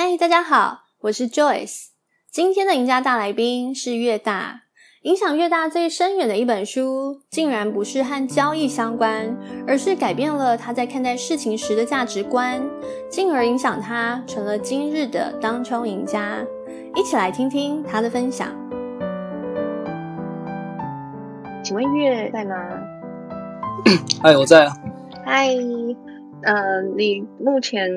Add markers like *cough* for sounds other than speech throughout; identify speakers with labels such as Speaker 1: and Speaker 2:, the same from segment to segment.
Speaker 1: 嗨，Hi, 大家好，我是 Joyce。今天的贏家大來賓是越大，影響越大最深遠的一本書，竟然不是和交易相關，而是改變了他在看待事情時的價值觀，進而影響他成了今日的當沖贏家。一起來聽聽他的分享。請問越在嗎？
Speaker 2: 嗨、哎，我在
Speaker 1: 啊。嗨，呃，你目前。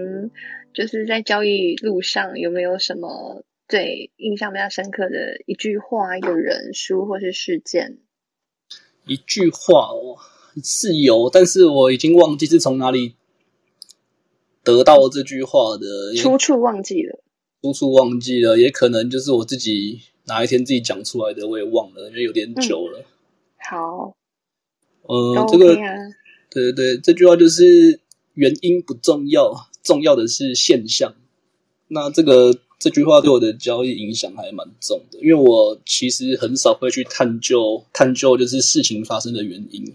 Speaker 1: 就是在交易路上有沒有什麼最印象比較深刻的一句話、一個人、書或是事件？
Speaker 2: 一句話哦是有，但是我已經忘記是從哪裡得到這句話的，出處忘記了，出處忘記了，也可能就是我自己哪一天自己講出來的，我也忘了，因為有點久了。嗯、好，呃，Okay. 這個對對對，這句話就是原因不重要。重要的是現象，那這個這句話對我的交易影響還蠻重的，因為我其實很少會去探究探究，就是事情發生的原因。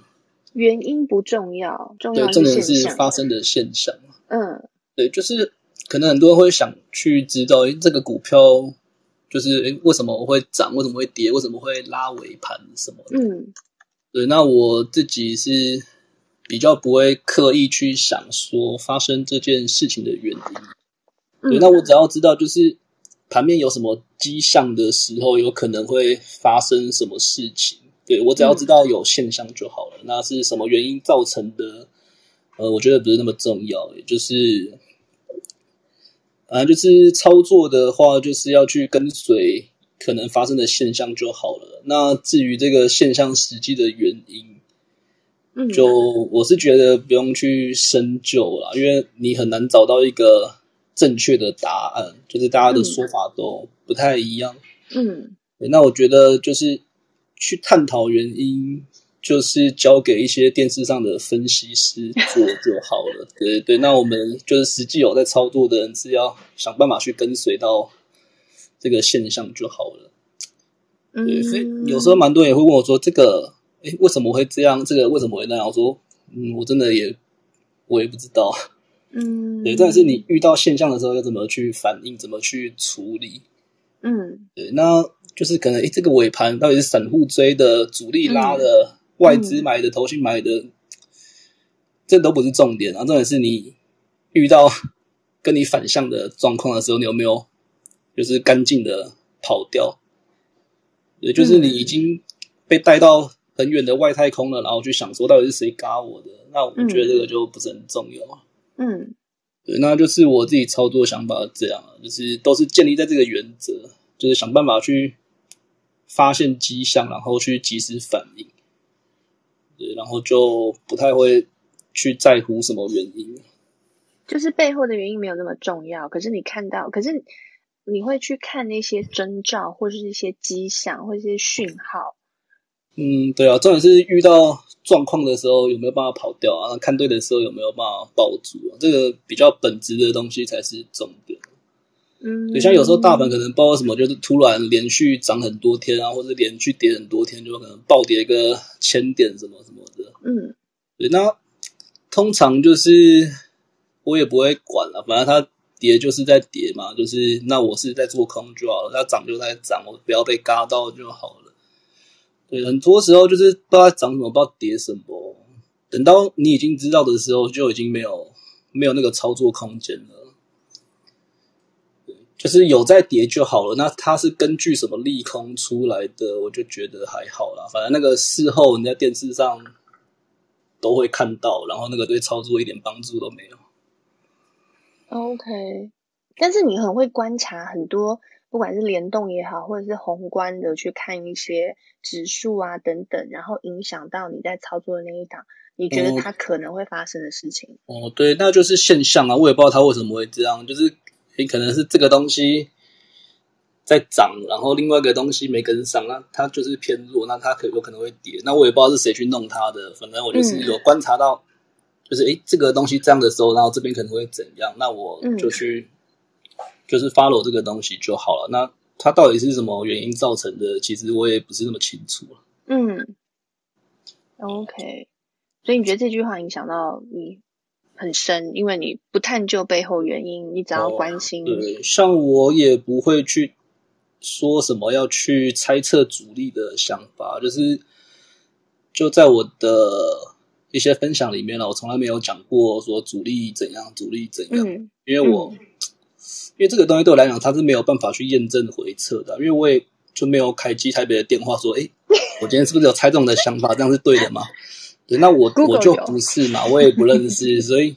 Speaker 1: 原因不重要，重要是現象的。對，重點是發
Speaker 2: 生的現象。嗯，對，就是可能很多人會想去知道這個股票，就是誒、欸，為什麼我會漲，為什麼會跌，為什麼會拉尾盤什麼
Speaker 1: 的。嗯，
Speaker 2: 對，那我自己是。比較不會刻意去想說，發生這件事情的原因，對，那我只要知道就是盤面有什麼跡象的時候，有可能會發生什麼事情。對，我只要知道有現象就好了，那是什麼原因造成的？呃，我覺得不是那麼重要，欸，也就是反正，呃，就是操作的話，就是要去跟隨可能發生的現象就好了。那至於這個現象實際的原因。就我是覺得不用去深究啦，因為你很難找到一個正確的答案，就是大家的說法都不太一樣。嗯，那我覺得就是去探討原因，就是交給一些電視上的分析師做就好了。對對，那我們就是實際有在操作的人是要想辦法去跟隨到這個現象就好了。嗯，
Speaker 1: 所以有時
Speaker 2: 候蠻多人也會問我說這個。欸、為什麼會這樣？這個為什麼會那樣？我說，嗯，我真的也我也不知道。嗯，對。但是你遇到現象的時候，要怎麼去反應？怎麼去處理？
Speaker 1: 嗯，
Speaker 2: 對。那就是可能，哎、欸，這個尾盤到底是散戶追的、主力拉的、嗯、外資買的、嗯、投信買的，這都不是重點啊。重點是你遇到跟你反向的狀況的時候，你有沒有就是乾淨的跑掉？對，就是你已經被帶到很遠的外太空了，然後去想說到底是誰嘎我的？那我覺得這個就不是很重要。嗯，對，那就是我自己操作想法這樣，就是都是建立在這個原則，就是想辦法去發現跡象，然後去及時反應。對，然後就不太會去在乎什麼原因，
Speaker 1: 就是背後的原因沒有那麼重要。可是你看到，可是你會去看那些徵兆，或者是一些跡象，或者是一些訊號。
Speaker 2: 嗯，對啊，重點是遇到狀況的時候有沒有辦法跑掉啊？看對的時候有沒有辦法抱住啊？這個比較本質的東西才是重點。嗯，
Speaker 1: 對，像有時候大盤可
Speaker 2: 能包括什麼，就是突然連續漲很多天啊，或者連續跌很多天，就可能暴跌個千點什麼什麼的。嗯，對，那通常就是我也不會管了啊，反正它跌就是在跌嘛，就是那我是在做空就好了，它漲就在漲，我不要被嘎到就好了。對，很多時候就是不知道漲什麼，不知道跌什麼，等到你已經知道的時候，就已經沒有沒有那個操作空間了。對，就是有在跌就好了。那它是根據什麼利空出來的？我就覺得還好啦，反正那個事後你在電視上都會看到，然後那個對操作一點幫助都沒有。
Speaker 1: OK，但是你很會觀察很多。不管是聯動也好，或者是宏觀的去看一些指數啊等等，然後影響到你在操作的那一檔，你覺得它可能會發生的事情？哦、嗯
Speaker 2: 嗯，對，那就是現象啊，我也不知道它為什麼會這樣，就是你可能是這個東西在漲，然後另外一個東西沒跟上，那它就是偏弱，那它可有可能會跌。那我也不知道是誰去弄它的，反正我就是有觀察到，嗯、就是誒、欸，這個東西這樣的時候，然後這邊可能會怎樣，那我就去。嗯就是 follow 這個東西就好了。那它到底是什麼原因造成的？其實我也不是那麼清楚。嗯
Speaker 1: ，OK。所以你覺得這句話影響到你很深，因為你不探究背後原因，你只要關心。哦、對，對，
Speaker 2: 像我也不會去說什麼要去猜測主力的想法，就是就在我的一些分享裡面了，我從來沒有講過說主力怎樣，主力怎樣，嗯，因為我。嗯因為這個東西對我來講，它是沒有辦法去驗證回測的，因為我也就沒有開機台北的電話說，誒，我今天是不是有猜中的想法， *laughs* 這樣是對的嗎？對，那我 Google 我就不是嘛，我也不認識， *laughs* 所以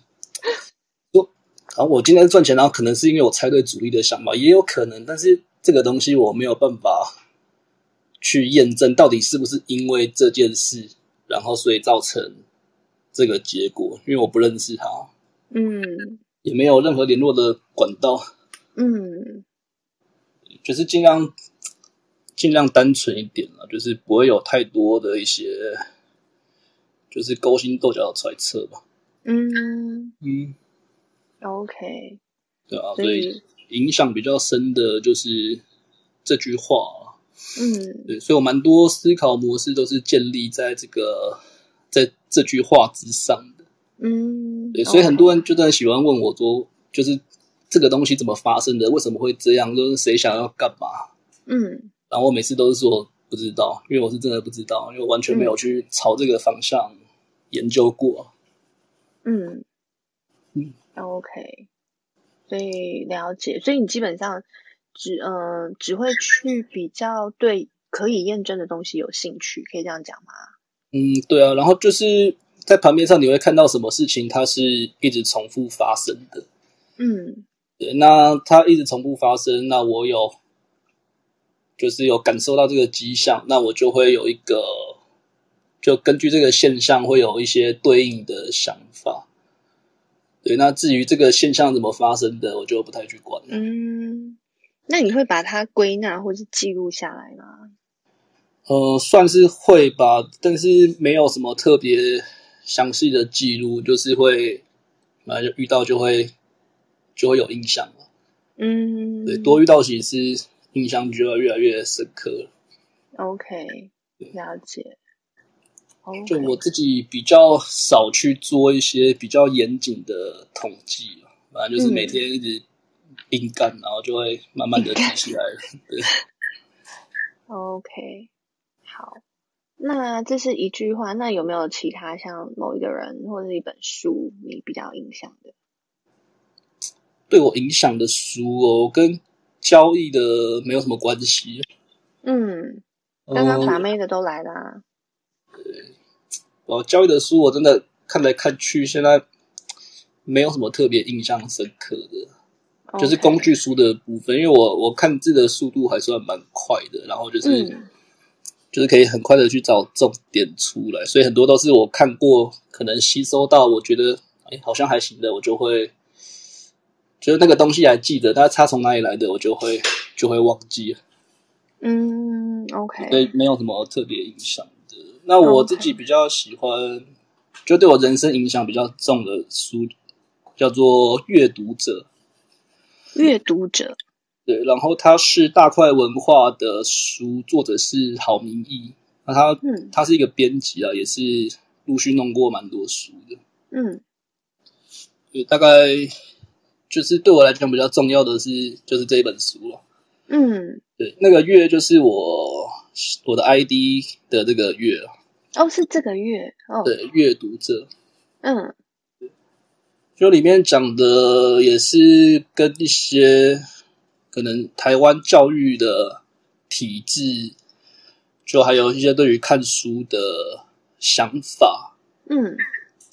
Speaker 2: 說，啊，我今天賺錢，然後可能是因為我猜對主力的想法，也有可能，但是這個東西我沒有辦法去驗證，到底是不是因為這件事，然後所以造成這個結果，因為我不認識他，嗯。也沒有任何聯絡的管道，嗯，就是盡量盡量單純一點了，就是不會有太多的一些，就是勾心鬥角的猜測吧。嗯嗯，OK，對啊，所以，所以影響比較深的就是這句話啊。嗯，對，所以我蠻多思考模式都是建立在這個在這句話之上的。嗯。
Speaker 1: 對，所以很多
Speaker 2: 人就在喜歡問我說，說 Okay. 就是這個東西怎麼發生的，為什麼會這樣，就是誰想要幹嘛？嗯，然後我每次都是說不知道，因為我是真的不知道，因為我完全沒有去朝這個方向研究過。
Speaker 1: 嗯嗯，OK，所以了解，所以你基本上只嗯、呃、只會去比較對可以驗證的東西有興趣，可以這樣講嗎？嗯，
Speaker 2: 對啊，然後就是。在旁邊上，你會看到什麼事情？它是一直重複發生的。嗯，對。那它一直重複發生，那我有，就是有感受到這個跡象，那我就會有一個，就根據這個現象，會有一些對應的想法。對。那至於這個現象怎麼發生的，我就不太去管
Speaker 1: 了。嗯，那你會把它歸納或者是記錄下來嗎？
Speaker 2: 呃，算是會吧，但是沒有什麼特別。詳細的記錄就是會，反正就遇到就會，就會有印象了。嗯，對，多遇到幾次，印象就會越來越深刻了。
Speaker 1: OK，了解。Okay.
Speaker 2: 就我自己比較少去做一些比較嚴謹的統計，反正就是每天一直硬幹，嗯、然後就會慢慢的積起來 *laughs* 對。
Speaker 1: OK，好。那這是一句話，那有沒有其他像某一個人或者一本書你比較印象的？
Speaker 2: 對我影響的書哦，跟交易的沒有什麼關係。
Speaker 1: 嗯，剛剛卡妹的都來了、
Speaker 2: 啊嗯。我交易的書我真的看來看去，現在沒有什麼特別印象深刻的，Okay. 就是工具書的部分，因為我我看字的速度還算蠻快的，然後就是、嗯。就是可以很快的去找重點出來，所以很多都是我看過，可能吸收到，我覺得哎、欸、好像還行的，我就會，就是那個東西還記得，但是它從哪裡來的，我就會就會忘記。嗯，OK，沒有什麼特別影響的。那我自己比較喜歡，Okay 就對我人生影響比較重的書，叫做《閱讀者》。閱讀者。對，然後他是大塊文化的書，作者是郝明義。那他，嗯，他是一個編輯啊，也是陸續弄過蠻多書的，
Speaker 1: 嗯
Speaker 2: 對。大概就是對我來講比較重要的是，就是這一本書了。嗯，對，那個越就是我我的 I D 的這個越
Speaker 1: 哦，是這個越哦。對，
Speaker 2: 越讀者。嗯，就裡面講的也是跟一些。可能台灣教育的體制，就還有一些對於看書的想法。嗯，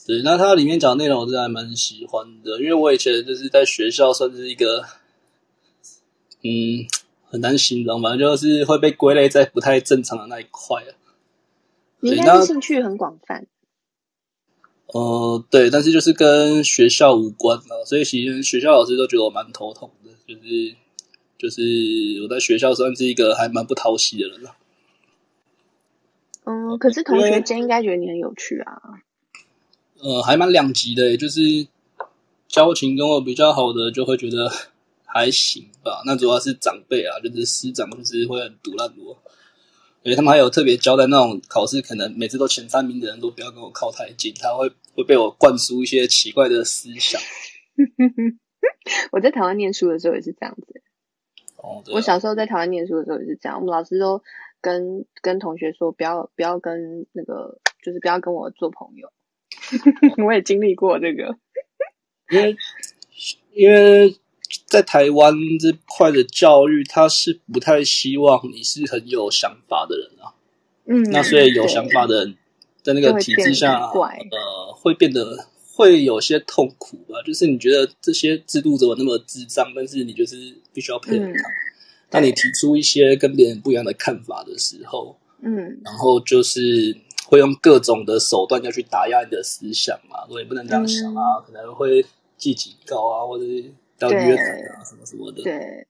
Speaker 2: 對。那它裡面講的內容，我真的還蠻喜歡的，因為我以前就是在學校，算是一個嗯很難形容，反正就是會被歸類在不太正常的那一塊了。你應該是興趣很廣泛。呃，對，但是就是跟學校無關了，所以其實學校老師都覺得我蠻頭痛的，就是。就是我在學校算是一個還蠻不討喜的人了，啊。嗯
Speaker 1: ，okay, 可是同學間應該覺得你很有趣啊。
Speaker 2: 呃，還蠻兩極的，欸，就是交情跟我比較好的就會覺得還行吧。那主要是長輩啊，就是師長，就是會很毒爛我。而且他們還有特別交代那種考試，可能每次都前三名的人都不要跟我靠太近，他會會被我灌輸一些奇怪的思想。
Speaker 1: *laughs* 我在台灣念書的時候也是這樣子。Oh, 我小時候在台灣念書的時候也是這樣，我們老師都跟跟同學說不要不要跟那個，就是不要跟我做朋友。 *laughs* 我也經歷過這個，
Speaker 2: 因為因為在台灣這塊的教育，它是不太希望你是很有想法的人啊。嗯，
Speaker 1: *laughs* 那所以有想
Speaker 2: 法的人，在那個體制下，呃，會變得。會有些痛苦吧，就是你覺得這些制度怎麼那麼智障，但是你就是必須要配合他。當、嗯、你提出一些跟別人不一樣的看法的時候，嗯，然後就是會用各種的手段要去打壓你的思想嘛，所以不能這樣想啊，嗯、可能會記警告啊，或者是要約談啊，對什麼什麼的。對，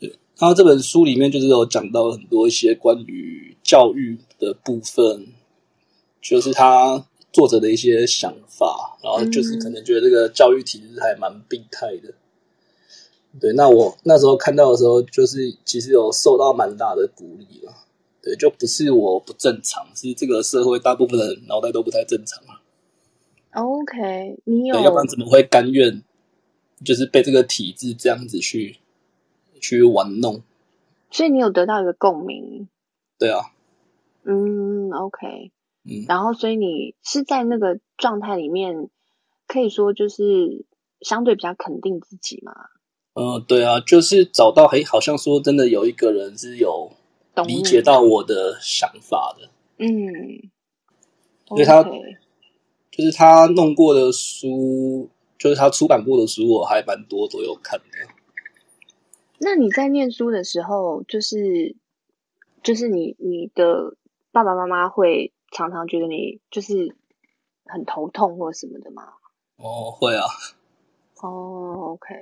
Speaker 2: 對，然後這本書裡面就是有講到很多一些關於教育的部分，就是他。作者的一些想法，然後就是可能覺得這個教育體制還蠻病態的。
Speaker 1: 對，那我
Speaker 2: 那時候看到的時候，就是其實有受到蠻大的鼓勵了。對，就不是我不正常，是這個社會大部分的人腦袋都不太正常
Speaker 1: 了。OK，你有，要不然怎
Speaker 2: 麼會甘願，就是被這個體制這樣子去去玩弄？
Speaker 1: 所以你有得到一個共鳴？
Speaker 2: 對啊。嗯、
Speaker 1: mm，OK。嗯，然後所以你是在那個狀態裡面，可以說就是相對比較肯定
Speaker 2: 自己嘛。嗯，對啊，就是找到，欸，好像說真的有一個人是有理解到我的想法的。嗯，因為他 Okay 就是他弄過的書，就是他出版過的書，我還蠻多都有看的。
Speaker 1: 那你在念書的時候，就是就是你你的爸爸媽媽會？常常覺得你就
Speaker 2: 是很頭痛或者
Speaker 1: 什麼的嗎？哦，
Speaker 2: 會啊。哦、oh，OK。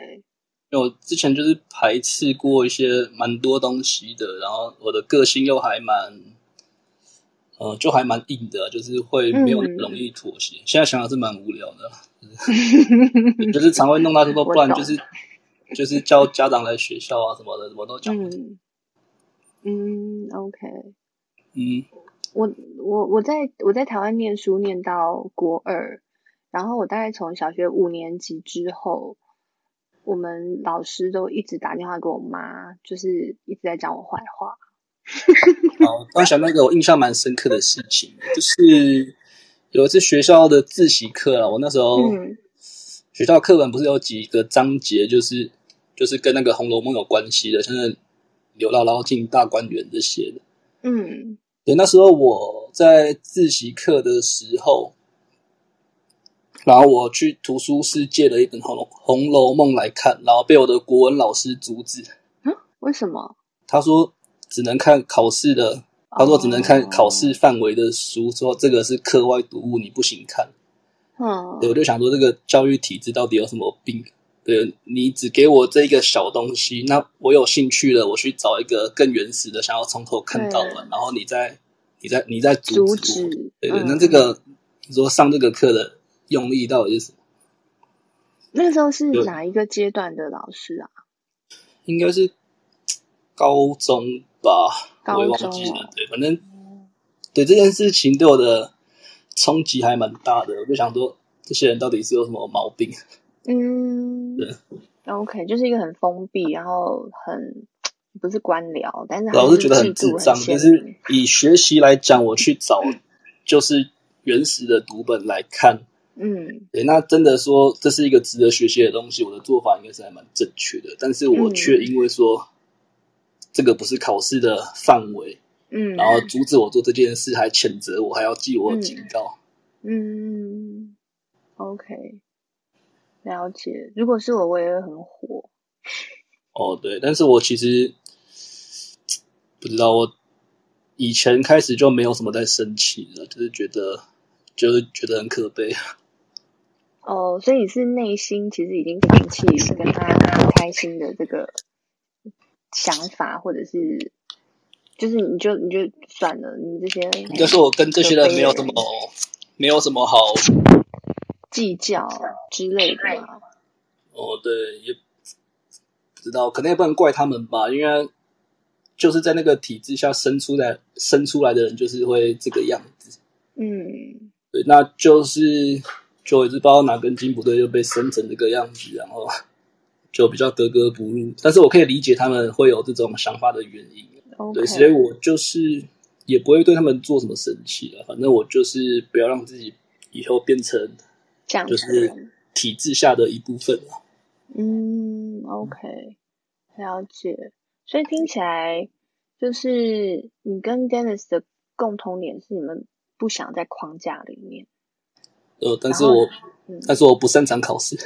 Speaker 2: 因為我之前就是排斥過一些蠻多東西的，然後我的個性又還蠻，嗯、呃，就還蠻硬的，就是會沒有那麼容易妥協。嗯、現在想想是蠻無聊的，就是， *laughs* 就是常會弄到這多，多，不然就是懂就是叫家長來學校啊什麼的，什麼都講不通。嗯，OK。嗯。
Speaker 1: Okay. 嗯我我我在我在台灣念書念到國二，然後我大概從小學五年級之後，我們老師都一直打電話給我媽，就是一直在講我壞話。
Speaker 2: *laughs* 好，剛才想到那個我印象蠻深刻的事情，就是有一次學校的自習課啊，我那時候學校課本不是有幾個章節，就是就是跟那個《紅樓夢》有關係的，像是流劉姥姥進大觀園這些的，嗯。對，那時候我在自習課的時候，然後我去圖書室借了一本《紅樓》《紅樓夢》來看，然後被我的國文老師阻止。嗯，為什麼？他說只能看考試的，他說只能看考試範圍的書，說這個是課外讀物，你不行看。嗯，
Speaker 1: 我就想
Speaker 2: 說，這個教育體制到底有什麼病？對，你只給我這一個小東西，那我有興趣了，我去找一個更原始的，想要從頭看到了，對然後你再你再你再阻，阻止。對對，嗯、那這個你說上這個課的用意到底是什麼？那個時候是
Speaker 1: 哪一個階段的老師
Speaker 2: 啊？應該是高中吧，我也忘記了。啊、對，反正對這件事情對我的衝擊還蠻大的，我就想說這些人到底是有什麼毛病？
Speaker 1: 嗯，對，OK，就是一個很封閉，然後很不是官僚，但是，是老是覺得很智障，但是
Speaker 2: 以學習來講， *laughs* 我去找就是原始的讀本來看，嗯，對、欸。那真的說這是一個值得學習的東西，我的做法應該是還蠻正確的，但是我卻因為說、嗯、這個不是考試的範圍，嗯，然後阻止我做這件事，還譴責我，還要記我警告，嗯，
Speaker 1: 嗯，OK。了解，如果是我，我也會很火。
Speaker 2: 哦，對，但是我其實不知道，我以前開始就沒有什麼在生氣了，就是覺得，就是覺得很可悲。
Speaker 1: 哦，所以你是內心其實已經放棄跟他很開心的這個想法，或者是，就是你就你就算了，你這些，但是我跟這些人沒有
Speaker 2: 什麼，沒有什麼好
Speaker 1: 計較之類
Speaker 2: 的哦，對，也不知道，可能也不能怪他們吧，因為就是在那個體制下生出來生出來的人，就是會這個樣子。嗯，對，那就是就是不知道哪根筋不對，就被生成這個樣子，然後就比較格格不入。但是我可以理解他們會有這種想法的原因，嗯、對，所以我就是也不會對他們做什麼生氣了。反正我就是不要讓自己以後變成。
Speaker 1: 這樣子的。就
Speaker 2: 是體制下的一部分。
Speaker 1: 嗯，OK，了解。所以聽起來，就是你跟 Dennis 的共同點是，你們不想在框架裡面。
Speaker 2: 呃，但是我，嗯，但是我不擅長考試。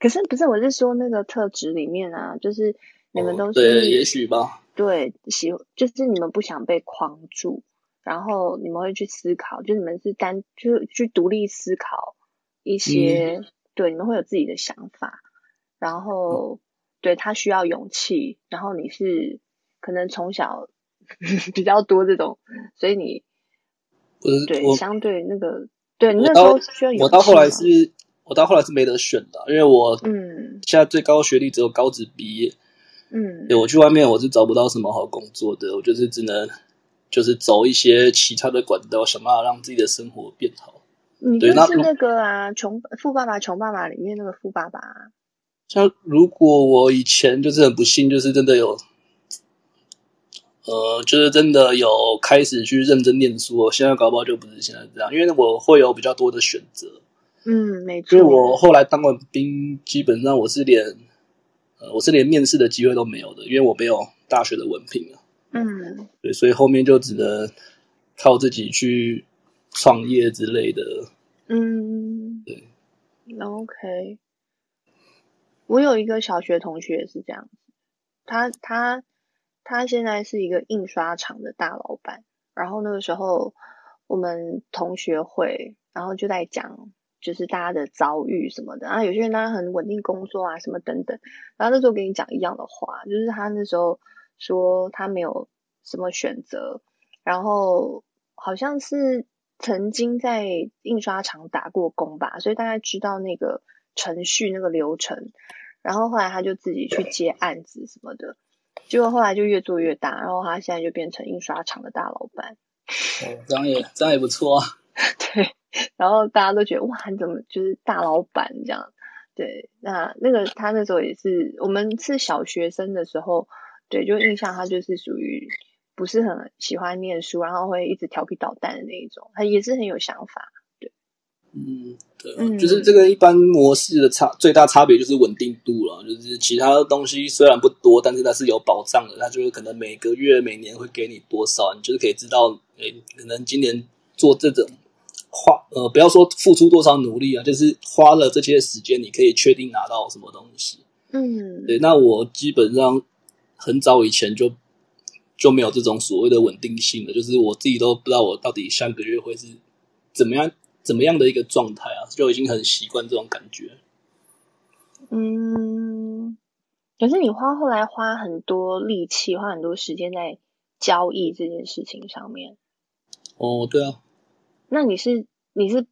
Speaker 1: 可是不是？我是說那個特質裡面啊，就是你們都是，也許吧。對，喜就是你們不想被框住。然後你們會去思考，就你們是單，就去獨立思考一些，嗯、對，你們會有自己的想法。然後、嗯、對，他需要勇氣，然後你是可能從小 *laughs* 比較多這種，所以你是
Speaker 2: 對我相
Speaker 1: 對那個，對我你那時候需要勇氣，我到後來是，
Speaker 2: 我到後來是沒得選的，因為我嗯，現在最高學歷只有高職畢業，嗯，對，我去外面我是找不到什麼好工作的，我就是只能。就是走一些其他的管道，想辦法讓自己的生活變好。你就是那個啊，窮
Speaker 1: 富爸爸窮爸爸裡面那個富爸爸。
Speaker 2: 像如果我以前就是很不幸，就是真的有，呃，就是真的有開始去認真念書。現在搞不好就不是現在這樣，因為我會有比較多的選擇。嗯，沒錯。
Speaker 1: 就我
Speaker 2: 後來當了兵，基本上我是連，呃，我是連面試的機會都沒有的，因為我沒有大學的文憑啊。嗯，對，所以後面就只能靠自己去創業之類的。
Speaker 1: 嗯，對，OK。我有一個小學同學也是這樣子，他他他現在是一個印刷廠的大老板。然後那個時候我們同學會，然後就在講就是大家的遭遇什麼的啊，有些人他很穩定工作啊，什麼等等。然後那時候跟你講一樣的話，就是他那時候。說他沒有什麼選擇，然後好像是曾經在印刷廠打過工吧，所以大家知道那個程序、那個流程。然後後來他就自己去接案子什麼的，結果後來就越做越大，然後他現在就變成印刷廠的大老闆。
Speaker 2: 哦，這樣也這樣也不錯啊。 *laughs*
Speaker 1: 對，然後大家都覺得哇，你怎麼就是大老闆這樣？對，那那個他那時候也是我們是小學生的時候。對，就印象他就是屬於不是很喜歡念書，然後會一直調皮搗蛋的那一種。他也是很有想法，
Speaker 2: 對。嗯，對，就是這個一般模式的差最大差別就是穩定度了。就是其他的東西雖然不多，但是它是有保障的。它就是可能每個月、每年會給你多少，你就是可以知道。哎，可能今年做這種花，呃，不要說付出多少努力啊，就是花了這些時間，你可以確定拿到什麼東西。嗯，
Speaker 1: 對。
Speaker 2: 那我基本上。很早以前就就沒有這種所謂的穩定性了，就是我自己都不知道我到底下個月會是怎麼樣怎麼樣的一個狀態啊，就已經很習慣這種感覺。
Speaker 1: 嗯，可是你花後來花很多力氣，花很多時間在交易這件事情上面。
Speaker 2: 哦，對啊。
Speaker 1: 那你是，你是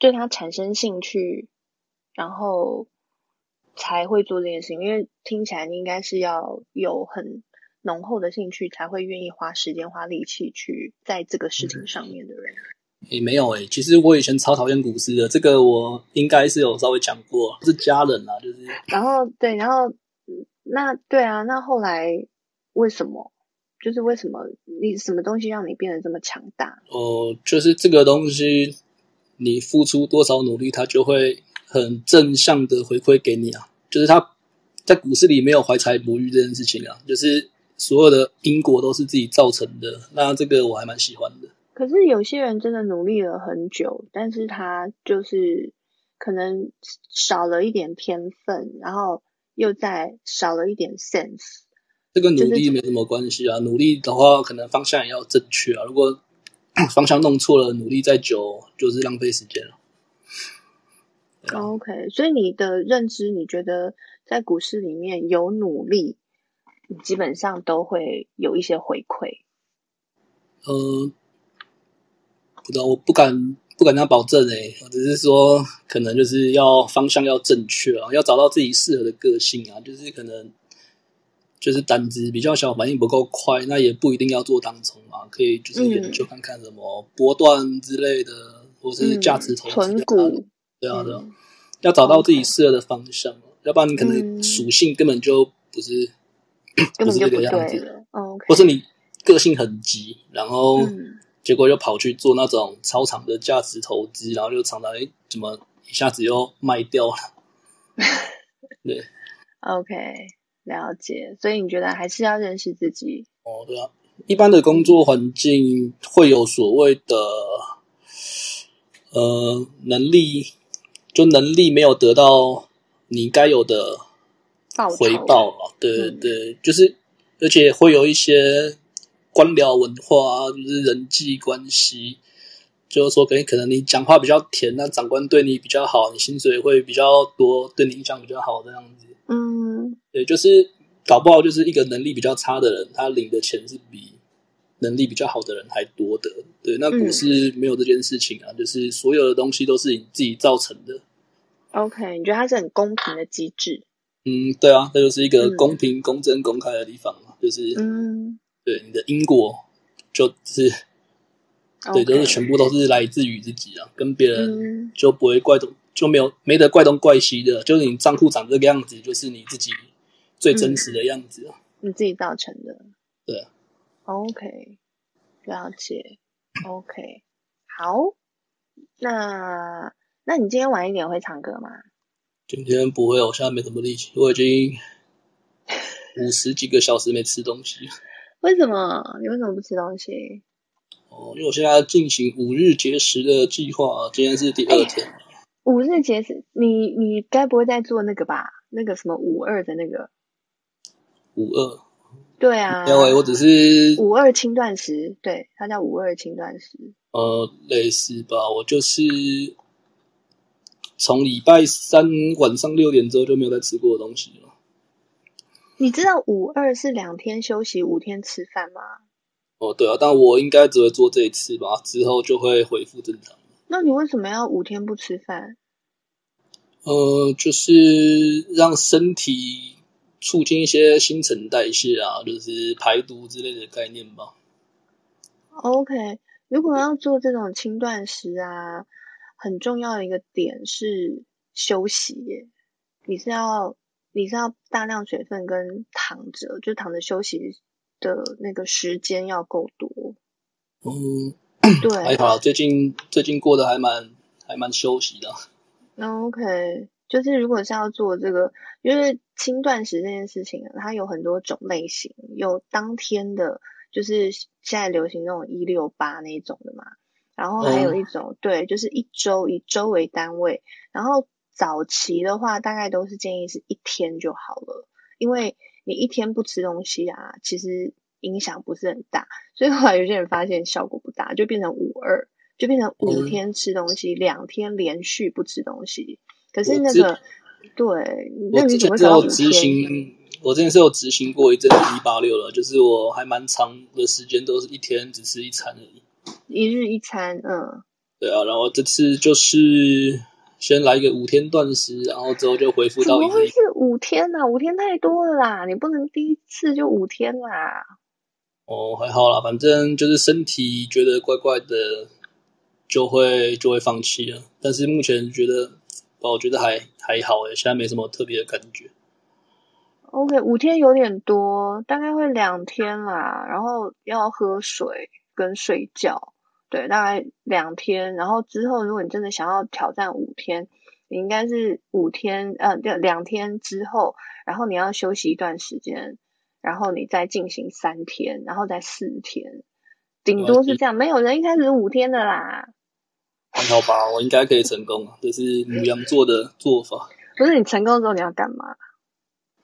Speaker 1: 對它產生興趣，然後。才會做這件事情，因為聽起來你應該是要有很濃厚的興趣，才會願意花時間花力氣去在這個事情上面的人。也、
Speaker 2: 嗯欸、沒有誒、欸，其實我以前超討厭股市的，這個我應該是有稍微講過，是家人啦，就
Speaker 1: 是。然後對，然後那對啊，那後來為什麼？就是為什麼你什麼東西讓你變得這麼強大？哦、
Speaker 2: 呃，就是這個東西，你付出多少努力，它就會。很正向的回饋給你啊，就是他在股市裡沒有懷才不遇這件事情啊，就是所有的因果都是自己造成的。那這個我還蠻喜歡的。
Speaker 1: 可是有些人真的努力了很久，但是他就是可能少了一點天分，然後又再少了一點 sense、就是。
Speaker 2: 這個努力沒什麼關係啊，努力的話可能方向也要正確啊。如果方向弄錯了，努力再久就是浪費時間了。
Speaker 1: OK，所以你的認知，你覺得在股市裡面有努力，你基本上都會有一些回饋。
Speaker 2: 呃、嗯，不知道，我不敢不敢這樣保證誒、欸、我只是說，可能就是要方向要正確啊，要找到自己適合的個性啊，就是可能就是膽子比較小，反應不夠快，那也不一定要做當沖啊，可以就是研究看看什麼波、嗯、段之類的，或者是價值投資、嗯、等等、囤股對啊，嗯、對啊，要找到自己適合的方向，嗯、要不然你可能屬性根本就不是，不是這個樣子的。哦，或是你個性很急，哦 okay，然後結果又跑去做那種超長的價值投資，嗯、然後就常常哎怎麼一下子又賣掉了？ *laughs* 對
Speaker 1: ，OK，了解。所以你覺得還是要認識自己。哦，對啊，
Speaker 2: 一般的工作環境會有所謂的呃能力。就能力沒有得到你該有的回報，對對，就是，而且會有一些官僚文化啊，就是人際關係，就是說，可能可能你講話比較甜啊，那長官對你比較好，你薪水會比較多，對你印象比較好這樣子。
Speaker 1: 嗯，
Speaker 2: 對，就是搞不好就是一個能力比較差的人，他領的錢是比。能力比較好的人還多的，對，那股市沒有這件事情啊，嗯、就是所有的東西都是你自己造成的。
Speaker 1: OK，你覺得它是很公平的機制？
Speaker 2: 嗯，對啊，這就是一個公平、公正、公開的地方嘛，嗯、就是，嗯，對，你的因果就是，嗯、對，都、就是全部都是來自於自己啊，Okay 跟別人就不會怪東，就沒有沒得怪東怪西的，就是你賬戶長這個樣子，就是你自己最真實的樣子啊，
Speaker 1: 嗯、你自己造成的，對。OK，了解。OK，好。那那你今天晚一點會唱歌嗎？
Speaker 2: 今天不會、哦，我現在沒什麼力氣。我已經五十幾個小時沒吃東西。
Speaker 1: *laughs* 為什麼？你為什麼不吃東西？哦，因
Speaker 2: 為我現在要進行五日節食的計劃，今天是第二天。
Speaker 1: 哎、五日節食？你你該不會在做那個吧？那個什麼五二的那個？
Speaker 2: 五二。對啊，因為我只是五
Speaker 1: 二輕斷食，對，他叫五二輕斷食。
Speaker 2: 呃，類似吧，我就是從禮拜三晚上六點之後就沒有再吃過的東西了。
Speaker 1: 你知道五二是兩天休息，五天吃飯嗎？
Speaker 2: 哦、呃，對啊，但我應該只會做這一次吧，之後就會恢復正常。
Speaker 1: 那你為什麼要五天不吃飯？
Speaker 2: 呃，就是讓身體。促進一些新陳代謝啊，就是排毒之類的概念吧。
Speaker 1: OK，如果要做這種輕斷食啊，很重要的一個點是休息耶，你是要你是要大量水分跟躺着，就是、躺着休息的那個時間要夠多。
Speaker 2: 嗯，對，還好，最近最近過得還蠻還蠻休息的。
Speaker 1: 那 OK。就是如果是要做這個，因為輕斷食這件事情、啊，它有很多種類型，有當天的，就是現在流行那種一六八那種的嘛。然後還有一種，嗯、對，就是一週以週為單位。然後早期的話，大概都是建議是一天就好了，因為你一天不吃東西啊，其實影響不是很大。所以後來有些人發現效果不大，就變成五二，就變成五天吃東西，嗯、兩天連續不吃東西。可是那個，我只對，那你有知道執行？
Speaker 2: 我之前是有執行過一陣子一八六了，就是我還蠻長的時間都是一天只吃一餐而已。一日一餐，嗯。對啊，然後這次就是先來一個五天斷食，然後之後就恢復到。怎麼會是五
Speaker 1: 天呢、啊？五天太多了啦，你不能第一次就五天啦。
Speaker 2: 哦，還好啦，反正就是身體覺得怪怪的，就會就會放棄了。但是目前覺得。我覺得還還好哎，現在沒什麼特別的感覺。
Speaker 1: OK，五天有點多，大概會兩天啦。然後要喝水跟睡覺，對，大概兩天。然後之後，如果你真的想要挑戰五天，你應該是五天，呃，兩天之後，然後你要休息一段時間，然後你再進行三天，然後再四天，頂多是這樣。 *noise* 沒有人一開始五天的啦。
Speaker 2: 好吧，我應該可以成功。這是牧羊座的做法。
Speaker 1: 不是你成功之後你要幹嘛？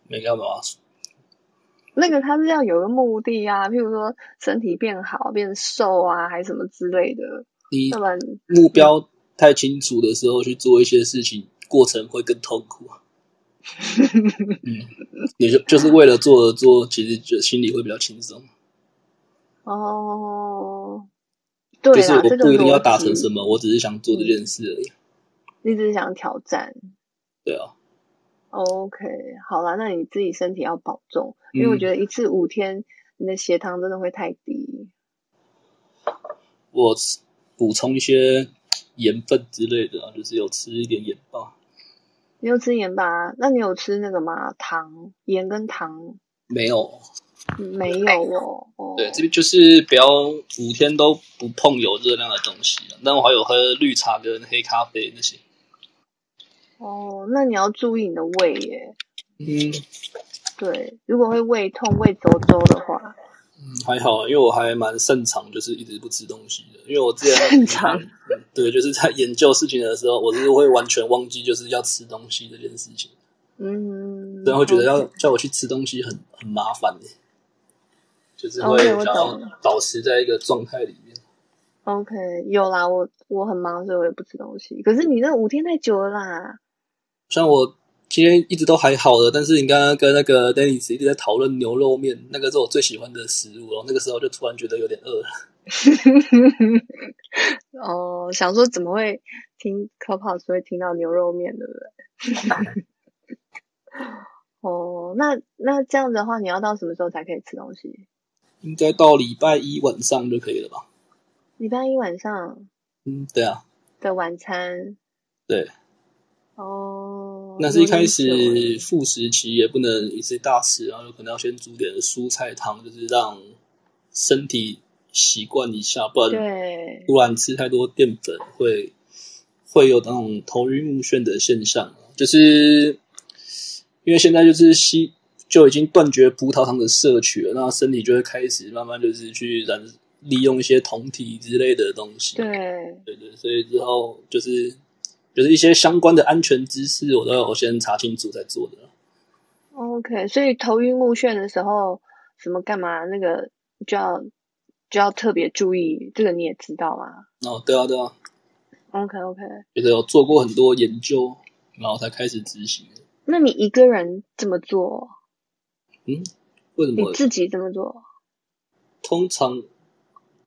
Speaker 2: 沒幹嘛。
Speaker 1: 那個他是要有個目的啊，譬如說身體變好、變瘦啊，還是什麼之類的。你
Speaker 2: 目標太清楚的時候去做一些事情，嗯、過程會更痛苦。 *laughs* 嗯，你就就是為了做而做，其實就心裡會比較輕鬆。哦。
Speaker 1: Oh.
Speaker 2: 對啊，就是我不一定要達成什麼，我只是想做這件事而已。嗯、
Speaker 1: 你只是想挑戰？
Speaker 2: 對
Speaker 1: 啊。OK，好啦，那你自己身體要保重，嗯、因為我覺得一次五天你的血糖真的會太
Speaker 2: 低。我補充一些鹽分之類的啊，就是有吃一點鹽巴。
Speaker 1: 你有吃鹽巴？那你有吃那個嗎？糖鹽跟糖？
Speaker 2: 沒有。
Speaker 1: 沒有
Speaker 2: 哦，哦對，這邊就是不要五天都不碰有熱量的東西，但我還有喝綠茶跟黑咖啡那些。哦，
Speaker 1: 那你要注意你的胃耶。
Speaker 2: 嗯。
Speaker 1: 對，如果會胃痛，胃走走的話。
Speaker 2: 嗯，還好，因為我還蠻擅長，就是一直不吃東西的。因為我之前擅長，嗯。對，就是在研究事情的時候，我是會完全忘記就是要吃東西這件事情。嗯
Speaker 1: 哼。
Speaker 2: 然後覺得要 Okay. 叫我去吃東西很很麻煩，欸就是會
Speaker 1: 要保持在一個狀態裡面 okay。OK，有啦，我我很忙，所以我也不
Speaker 2: 吃東西。可
Speaker 1: 是你那五天太久了啦。
Speaker 2: 雖然我今天一直都還好的，但是你剛剛跟那個 d 尼斯一直在討論牛肉麵，那個是我最喜歡的食物，然後那個時候就突然覺得有點餓。
Speaker 1: *laughs* 哦，想說怎麼會聽 c o p 以 s 會聽到牛肉麵，對不對？ *laughs* *laughs* 哦，那那這樣子的話，你要到什麼時候才可以吃東西？
Speaker 2: 應該到禮拜一晚上就可以了吧？禮
Speaker 1: 拜一晚上，
Speaker 2: 嗯，對啊。
Speaker 1: 的晚餐，
Speaker 2: 對。哦。
Speaker 1: Oh, 那是一開始
Speaker 2: 復食期，也不能一直大吃，然後有可能要先煮點蔬菜湯，就是讓身體習慣一下，不然突然吃太多澱粉，對會會有那種頭暈目眩的現象。就是因為現在就是西。就已經斷絕葡萄糖的攝取了，那身體就會開始慢慢就是去燃利用一些酮體之類的東西。對，對對，所以之後就是就是一些相關的安全知識，我都有先查清楚再做的。
Speaker 1: OK，所以頭暈目眩的時候，什麼幹嘛那個就要就要特別注意，這個你也知道嗎？
Speaker 2: 哦，對啊，對啊。
Speaker 1: OK OK，
Speaker 2: 覺得有做過很多研究，然後才開始執行。
Speaker 1: 那你一個人這麼做？
Speaker 2: 嗯，為什麼你自己這麼做？通常、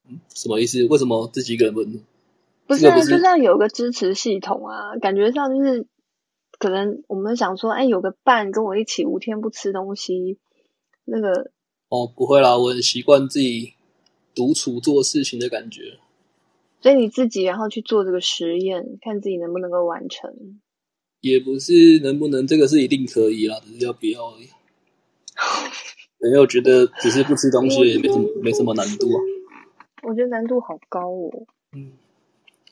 Speaker 2: 嗯，什麼意思？為什麼自己一個人不能？不是啊，是就像
Speaker 1: 有個支持系統啊，感覺上就是可能我們想說，哎、欸，有個伴跟我一起五天不吃東西，那個
Speaker 2: 哦，不會啦，我很習慣自己獨處做事情的感覺。
Speaker 1: 所以你自己然後去做這個實驗，看自己能不能夠完成。
Speaker 2: 也不是能不能，這個是一定可以啦，只是要不要而、欸、已。有沒有覺得只是不吃東西也沒什麼 *laughs* 沒什麼難度啊？
Speaker 1: 我覺得難度好高哦。嗯，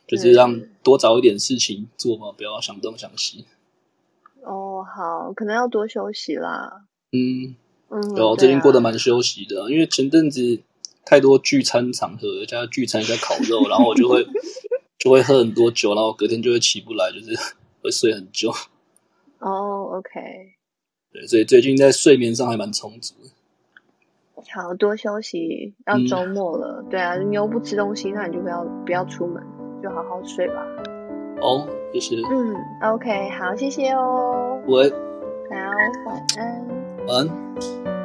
Speaker 2: 就是讓多找一點事情做嘛，不要想東想西。
Speaker 1: 哦，oh, 好，可能要多休息啦。嗯嗯，我、嗯啊、最近過得
Speaker 2: 蠻休息的，因為前陣子太多聚餐場合，加上聚餐加烤肉， *laughs* 然後我就會就會喝很多酒，然後隔天就會起不來，就是會睡很久。哦
Speaker 1: ，oh，OK。
Speaker 2: 對，所以最近在睡眠上還蠻充足
Speaker 1: 的，好多休息，要周末了，嗯、對啊，你又不吃東西，那你就不要不要出門，就好好睡吧。
Speaker 2: 哦，就是，嗯
Speaker 1: ，OK，好，謝謝哦，不會，好，晚安，
Speaker 2: 晚安。